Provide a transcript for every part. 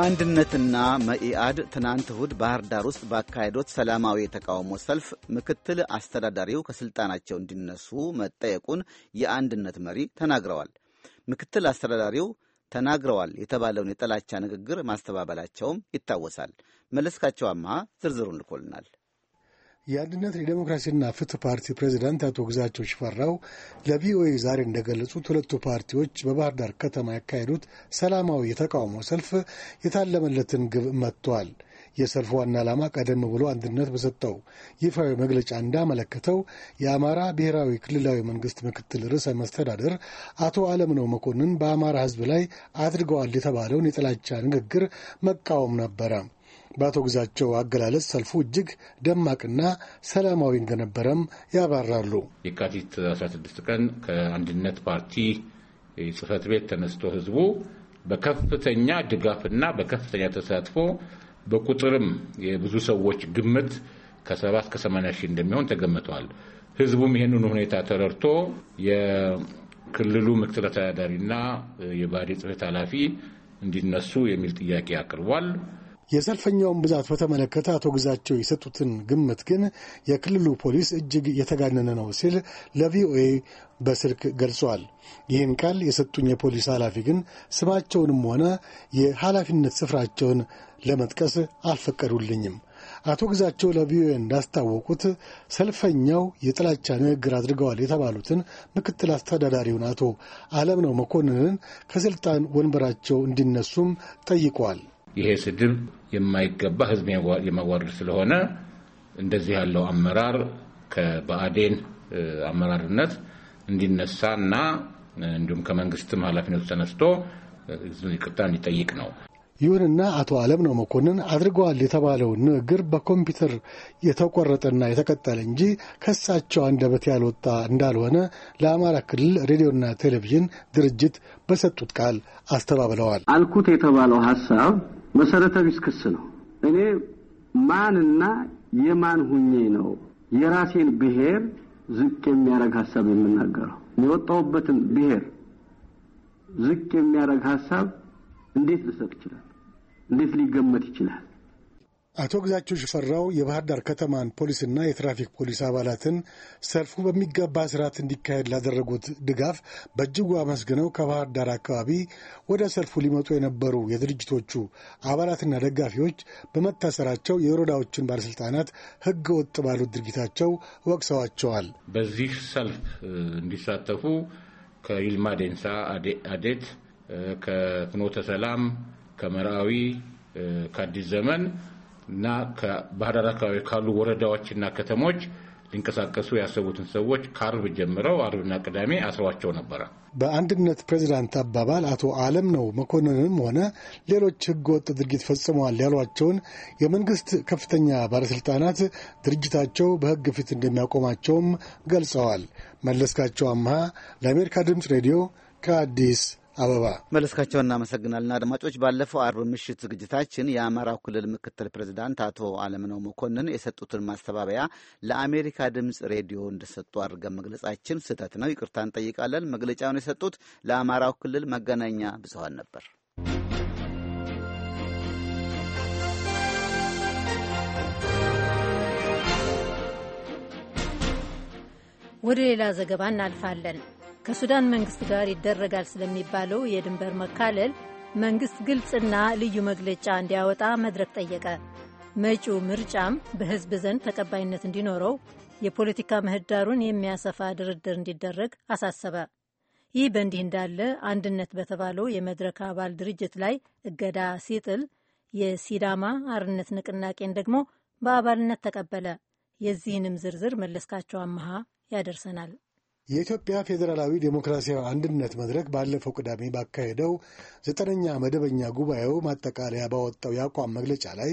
አንድነትና መኢአድ ትናንት እሁድ ባህር ዳር ውስጥ ባካሄዱት ሰላማዊ የተቃውሞ ሰልፍ ምክትል አስተዳዳሪው ከስልጣናቸው እንዲነሱ መጠየቁን የአንድነት መሪ ተናግረዋል። ምክትል አስተዳዳሪው ተናግረዋል የተባለውን የጥላቻ ንግግር ማስተባበላቸውም ይታወሳል። መለስካቸው አማሃ ዝርዝሩን ልኮልናል። የአንድነት የዴሞክራሲና ፍትህ ፓርቲ ፕሬዚዳንት አቶ ግዛቸው ሽፈራው ለቪኦኤ ዛሬ እንደገለጹት ሁለቱ ፓርቲዎች በባህር ዳር ከተማ ያካሄዱት ሰላማዊ የተቃውሞ ሰልፍ የታለመለትን ግብ መጥቷል። የሰልፉ ዋና ዓላማ ቀደም ብሎ አንድነት በሰጠው ይፋዊ መግለጫ እንዳመለከተው የአማራ ብሔራዊ ክልላዊ መንግስት ምክትል ርዕሰ መስተዳድር አቶ አለምነው መኮንን በአማራ ሕዝብ ላይ አድርገዋል የተባለውን የጥላቻ ንግግር መቃወም ነበረ። በአቶ ግዛቸው አገላለጽ ሰልፉ እጅግ ደማቅና ሰላማዊ እንደነበረም ያብራራሉ። የካቲት 16 ቀን ከአንድነት ፓርቲ ጽህፈት ቤት ተነስቶ ህዝቡ በከፍተኛ ድጋፍና በከፍተኛ ተሳትፎ በቁጥርም የብዙ ሰዎች ግምት ከሰባ እስከ ሰማንያ ሺህ እንደሚሆን ተገምተዋል። ህዝቡም ይህንን ሁኔታ ተረድቶ የክልሉ ምክትል አስተዳዳሪና የባዴ ጽህፈት ኃላፊ እንዲነሱ የሚል ጥያቄ አቅርቧል። የሰልፈኛውን ብዛት በተመለከተ አቶ ግዛቸው የሰጡትን ግምት ግን የክልሉ ፖሊስ እጅግ የተጋነነ ነው ሲል ለቪኦኤ በስልክ ገልጿል። ይህን ቃል የሰጡኝ የፖሊስ ኃላፊ ግን ስማቸውንም ሆነ የኃላፊነት ስፍራቸውን ለመጥቀስ አልፈቀዱልኝም። አቶ ግዛቸው ለቪኦኤ እንዳስታወቁት ሰልፈኛው የጥላቻ ንግግር አድርገዋል የተባሉትን ምክትል አስተዳዳሪውን አቶ አለምነው መኮንንን ከስልጣን ወንበራቸው እንዲነሱም ጠይቀዋል። ይሄ ስድብ የማይገባ ህዝብ የመዋረድ ስለሆነ እንደዚህ ያለው አመራር ከብአዴን አመራርነት እንዲነሳ እና እንዲሁም ከመንግስትም ኃላፊነቱ ተነስቶ ይቅርታ እንዲጠይቅ ነው። ይሁንና አቶ አለም ነው መኮንን አድርገዋል የተባለውን ንግግር በኮምፒውተር የተቆረጠና የተቀጠለ እንጂ ከሳቸው አንደበት ያልወጣ እንዳልሆነ ለአማራ ክልል ሬዲዮና ቴሌቪዥን ድርጅት በሰጡት ቃል አስተባብለዋል። አልኩት የተባለው ሀሳብ መሰረተ ቢስ ክስ ነው። እኔ ማንና የማን ሁኜ ነው የራሴን ብሔር ዝቅ የሚያደርግ ሀሳብ የምናገረው? የወጣሁበትን ብሔር ዝቅ የሚያደርግ ሀሳብ እንዴት ልሰጥ ይችላል? እንዴት ሊገመት ይችላል? አቶ ግዛቸው ሽፈራው የባህር ዳር ከተማን ፖሊስና የትራፊክ ፖሊስ አባላትን ሰልፉ በሚገባ ስርዓት እንዲካሄድ ላደረጉት ድጋፍ በእጅጉ አመስግነው ከባህር ዳር አካባቢ ወደ ሰልፉ ሊመጡ የነበሩ የድርጅቶቹ አባላትና ደጋፊዎች በመታሰራቸው የወረዳዎችን ባለስልጣናት ሕገ ወጥ ባሉት ድርጊታቸው ወቅሰዋቸዋል። በዚህ ሰልፍ እንዲሳተፉ ከይልማ ዴንሳ አዴት፣ ከፍኖተ ሰላም፣ ከመራዊ፣ ከአዲስ ዘመን እና ከባህር ዳር አካባቢ ካሉ ወረዳዎችና ከተሞች ሊንቀሳቀሱ ያሰቡትን ሰዎች ከአርብ ጀምረው አርብና ቅዳሜ አስሯቸው ነበረ። በአንድነት ፕሬዚዳንት አባባል አቶ አለም ነው መኮንንም ሆነ ሌሎች ህገወጥ ድርጊት ፈጽመዋል ያሏቸውን የመንግስት ከፍተኛ ባለስልጣናት ድርጅታቸው በህግ ፊት እንደሚያቆማቸውም ገልጸዋል። መለስካቸው አምሃ ለአሜሪካ ድምፅ ሬዲዮ ከአዲስ አበባ መለስካቸው እናመሰግናልና አድማጮች፣ ባለፈው አርብ ምሽት ዝግጅታችን የአማራው ክልል ምክትል ፕሬዚዳንት አቶ አለምነው መኮንን የሰጡትን ማስተባበያ ለአሜሪካ ድምፅ ሬዲዮ እንደሰጡ አድርገን መግለጻችን ስህተት ነው፣ ይቅርታ እንጠይቃለን። መግለጫውን የሰጡት ለአማራው ክልል መገናኛ ብዙሃን ነበር። ወደ ሌላ ዘገባ እናልፋለን። ከሱዳን መንግስት ጋር ይደረጋል ስለሚባለው የድንበር መካለል መንግስት ግልጽና ልዩ መግለጫ እንዲያወጣ መድረክ ጠየቀ። መጪው ምርጫም በህዝብ ዘንድ ተቀባይነት እንዲኖረው የፖለቲካ ምህዳሩን የሚያሰፋ ድርድር እንዲደረግ አሳሰበ። ይህ በእንዲህ እንዳለ አንድነት በተባለው የመድረክ አባል ድርጅት ላይ እገዳ ሲጥል የሲዳማ አርነት ንቅናቄን ደግሞ በአባልነት ተቀበለ። የዚህንም ዝርዝር መለስካቸው አመሃ ያደርሰናል። የኢትዮጵያ ፌዴራላዊ ዴሞክራሲያዊ አንድነት መድረክ ባለፈው ቅዳሜ ባካሄደው ዘጠነኛ መደበኛ ጉባኤው ማጠቃለያ ባወጣው የአቋም መግለጫ ላይ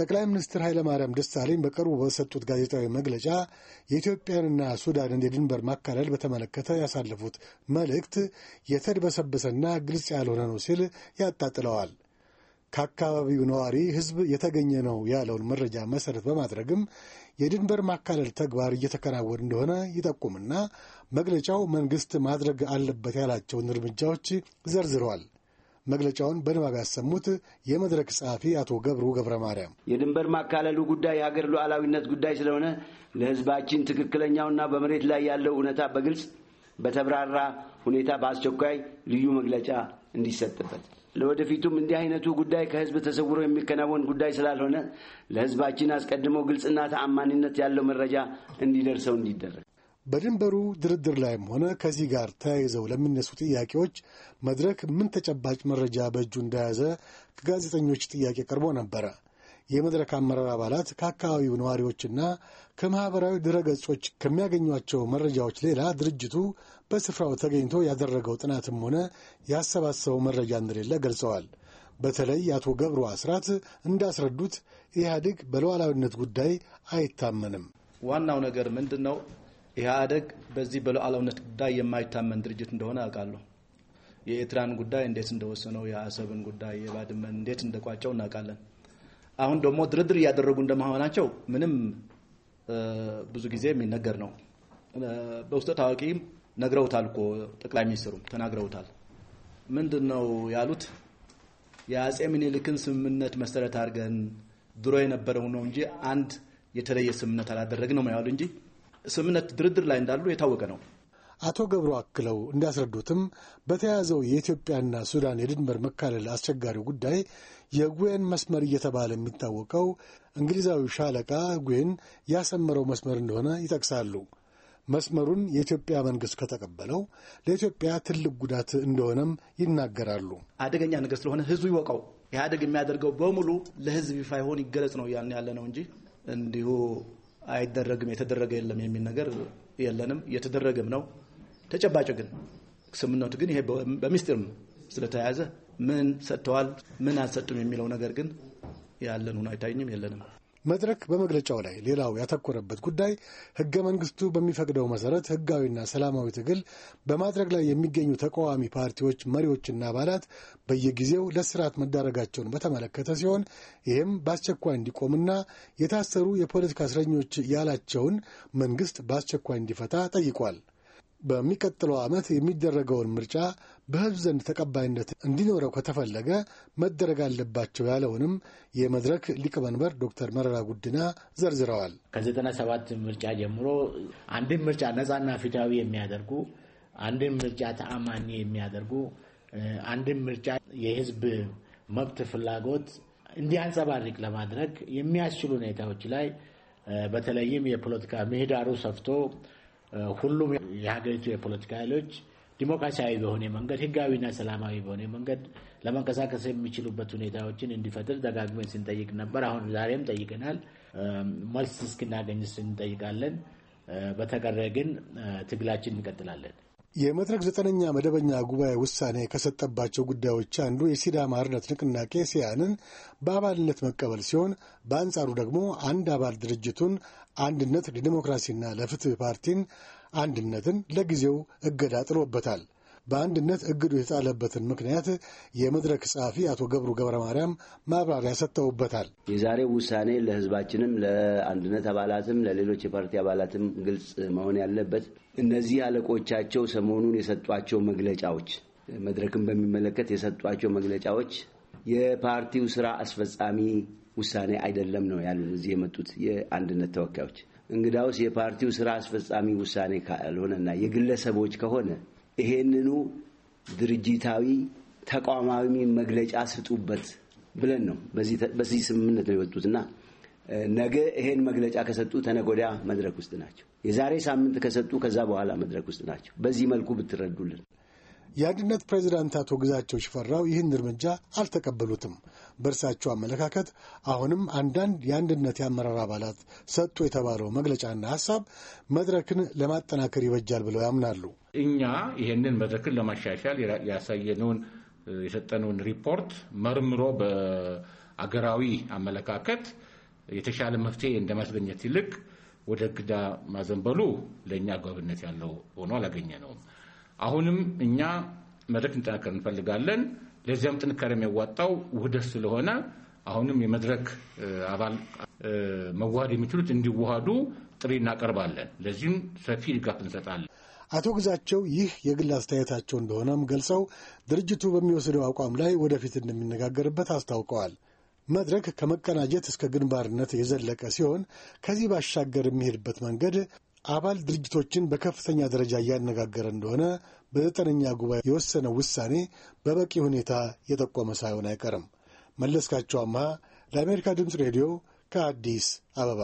ጠቅላይ ሚኒስትር ኃይለማርያም ደሳለኝ በቅርቡ በሰጡት ጋዜጣዊ መግለጫ የኢትዮጵያንና ሱዳንን የድንበር ማካለል በተመለከተ ያሳለፉት መልእክት የተድበሰበሰና ግልጽ ያልሆነ ነው ሲል ያጣጥለዋል። ከአካባቢው ነዋሪ ህዝብ የተገኘ ነው ያለውን መረጃ መሰረት በማድረግም የድንበር ማካለል ተግባር እየተከናወነ እንደሆነ ይጠቁምና መግለጫው መንግሥት ማድረግ አለበት ያላቸውን እርምጃዎች ዘርዝረዋል። መግለጫውን በንባብ ያሰሙት የመድረክ ጸሐፊ አቶ ገብሩ ገብረ ማርያም የድንበር ማካለሉ ጉዳይ የሀገር ሉዓላዊነት ጉዳይ ስለሆነ ለህዝባችን ትክክለኛውና በመሬት ላይ ያለው እውነታ በግልጽ በተብራራ ሁኔታ በአስቸኳይ ልዩ መግለጫ እንዲሰጥበት ለወደፊቱም እንዲህ አይነቱ ጉዳይ ከህዝብ ተሰውሮ የሚከናወን ጉዳይ ስላልሆነ ለህዝባችን አስቀድሞ ግልጽና ተአማኒነት ያለው መረጃ እንዲደርሰው እንዲደረግ በድንበሩ ድርድር ላይም ሆነ ከዚህ ጋር ተያይዘው ለሚነሱ ጥያቄዎች መድረክ ምን ተጨባጭ መረጃ በእጁ እንደያዘ ከጋዜጠኞች ጥያቄ ቀርቦ ነበረ። የመድረክ አመራር አባላት ከአካባቢው ነዋሪዎችና ከማኅበራዊ ድረገጾች ከሚያገኟቸው መረጃዎች ሌላ ድርጅቱ በስፍራው ተገኝቶ ያደረገው ጥናትም ሆነ ያሰባሰበው መረጃ እንደሌለ ገልጸዋል። በተለይ የአቶ ገብሩ አስራት እንዳስረዱት ኢህአዴግ በሉዓላዊነት ጉዳይ አይታመንም። ዋናው ነገር ምንድን ነው? ኢህአዴግ በዚህ በሉዓላዊነት ጉዳይ የማይታመን ድርጅት እንደሆነ አውቃለሁ። የኤርትራን ጉዳይ እንዴት እንደወሰነው፣ የአሰብን ጉዳይ፣ የባድመን እንዴት እንደቋጨው እናውቃለን። አሁን ደግሞ ድርድር እያደረጉ እንደመሆናቸው ምንም ብዙ ጊዜ የሚነገር ነው። በውስጠ ታዋቂ ነግረውታል እኮ ጠቅላይ ሚኒስትሩም ተናግረውታል። ምንድን ነው ያሉት? የአጼ ምኒልክን ስምምነት መሰረት አድርገን ድሮ የነበረው ነው እንጂ አንድ የተለየ ስምምነት ነው ያሉ እንጂ ስምምነት ድርድር ላይ እንዳሉ የታወቀ ነው። አቶ ገብሩ አክለው እንዳስረዱትም በተያዘው የኢትዮጵያና ሱዳን የድንበር መካለል አስቸጋሪው ጉዳይ የጉዌን መስመር እየተባለ የሚታወቀው እንግሊዛዊ ሻለቃ ጉዌን ያሰመረው መስመር እንደሆነ ይጠቅሳሉ። መስመሩን የኢትዮጵያ መንግስት ከተቀበለው ለኢትዮጵያ ትልቅ ጉዳት እንደሆነም ይናገራሉ። አደገኛ ነገር ስለሆነ ህዝቡ ይወቀው። ኢህአዴግ የሚያደርገው በሙሉ ለህዝብ ይፋ ይሆን ይገለጽ ነው እያልን ያለ ነው እንጂ እንዲሁ አይደረግም የተደረገ የለም የሚል ነገር የለንም። የተደረገም ነው። ተጨባጭ ግን ስምምነቱ ግን ይሄ በሚስጥር ነው ስለተያያዘ ምን ሰጥተዋል፣ ምን አልሰጡም የሚለው ነገር ግን ያለን ሆኖ አይታይኝም፣ የለንም። መድረክ በመግለጫው ላይ ሌላው ያተኮረበት ጉዳይ ህገ መንግስቱ በሚፈቅደው መሰረት ህጋዊና ሰላማዊ ትግል በማድረግ ላይ የሚገኙ ተቃዋሚ ፓርቲዎች መሪዎችና አባላት በየጊዜው ለስርዓት መዳረጋቸውን በተመለከተ ሲሆን ይህም በአስቸኳይ እንዲቆምና የታሰሩ የፖለቲካ እስረኞች ያላቸውን መንግስት በአስቸኳይ እንዲፈታ ጠይቋል። በሚቀጥለው ዓመት የሚደረገውን ምርጫ በሕዝብ ዘንድ ተቀባይነት እንዲኖረው ከተፈለገ መደረግ አለባቸው ያለውንም የመድረክ ሊቀመንበር ዶክተር መረራ ጉዲና ዘርዝረዋል። ከዘጠና ሰባት ምርጫ ጀምሮ አንድን ምርጫ ነፃና ፊታዊ የሚያደርጉ አንድን ምርጫ ተአማኒ የሚያደርጉ አንድን ምርጫ የሕዝብ መብት ፍላጎት እንዲያንጸባርቅ ለማድረግ የሚያስችሉ ሁኔታዎች ላይ በተለይም የፖለቲካ ምህዳሩ ሰፍቶ ሁሉም የሀገሪቱ የፖለቲካ ኃይሎች ዲሞክራሲያዊ በሆነ መንገድ ህጋዊና ሰላማዊ በሆነ መንገድ ለመንቀሳቀስ የሚችሉበት ሁኔታዎችን እንዲፈጥር ደጋግመን ስንጠይቅ ነበር። አሁን ዛሬም ጠይቀናል። መልስ እስክናገኝ ስንጠይቃለን። በተቀረ ግን ትግላችን እንቀጥላለን። የመድረክ ዘጠነኛ መደበኛ ጉባኤ ውሳኔ ከሰጠባቸው ጉዳዮች አንዱ የሲዳማ አርነት ንቅናቄ ሲያንን በአባልነት መቀበል ሲሆን በአንጻሩ ደግሞ አንድ አባል ድርጅቱን አንድነት ለዲሞክራሲና ለፍትህ ፓርቲን አንድነትን ለጊዜው እገዳ ጥሎበታል። በአንድነት እግዱ የተጣለበትን ምክንያት የመድረክ ጸሐፊ አቶ ገብሩ ገብረ ማርያም ማብራሪያ ሰጥተውበታል። የዛሬው ውሳኔ ለህዝባችንም ለአንድነት አባላትም ለሌሎች የፓርቲ አባላትም ግልጽ መሆን ያለበት እነዚህ አለቆቻቸው ሰሞኑን የሰጧቸው መግለጫዎች መድረክን በሚመለከት የሰጧቸው መግለጫዎች የፓርቲው ስራ አስፈጻሚ ውሳኔ አይደለም ነው ያሉን እዚህ የመጡት የአንድነት ተወካዮች። እንግዳውስ የፓርቲው ስራ አስፈጻሚ ውሳኔ ካልሆነና የግለሰቦች ከሆነ ይሄንኑ ድርጅታዊ ተቋማዊ መግለጫ ስጡበት ብለን ነው በዚህ ስምምነት ነው የወጡት እና ነገ ይሄን መግለጫ ከሰጡ ተነጎዳ መድረክ ውስጥ ናቸው። የዛሬ ሳምንት ከሰጡ ከዛ በኋላ መድረክ ውስጥ ናቸው። በዚህ መልኩ ብትረዱልን። የአንድነት ፕሬዚዳንት አቶ ግዛቸው ሽፈራው ይህን እርምጃ አልተቀበሉትም። በእርሳቸው አመለካከት አሁንም አንዳንድ የአንድነት የአመራር አባላት ሰጡ የተባለው መግለጫና ሀሳብ መድረክን ለማጠናከር ይበጃል ብለው ያምናሉ። እኛ ይህንን መድረክን ለማሻሻል ያሳየነውን የሰጠነውን ሪፖርት መርምሮ በአገራዊ አመለካከት የተሻለ መፍትሄ እንደማስገኘት ይልቅ ወደ ግዳ ማዘንበሉ ለእኛ አግባብነት ያለው ሆኖ አላገኘ ነውም። አሁንም እኛ መድረክ እንጠናከር እንፈልጋለን። ለዚያም ጥንካሬ የሚያዋጣው ውህደት ስለሆነ አሁንም የመድረክ አባል መዋሃድ የሚችሉት እንዲዋሃዱ ጥሪ እናቀርባለን። ለዚህም ሰፊ ድጋፍ እንሰጣለን። አቶ ግዛቸው ይህ የግል አስተያየታቸው እንደሆነም ገልጸው ድርጅቱ በሚወስደው አቋም ላይ ወደፊት እንደሚነጋገርበት አስታውቀዋል። መድረክ ከመቀናጀት እስከ ግንባርነት የዘለቀ ሲሆን ከዚህ ባሻገር የሚሄድበት መንገድ አባል ድርጅቶችን በከፍተኛ ደረጃ እያነጋገረ እንደሆነ በዘጠነኛ ጉባኤ የወሰነው ውሳኔ በበቂ ሁኔታ የጠቆመ ሳይሆን አይቀርም። መለስካቸው አምሃ ለአሜሪካ ድምፅ ሬዲዮ ከአዲስ አበባ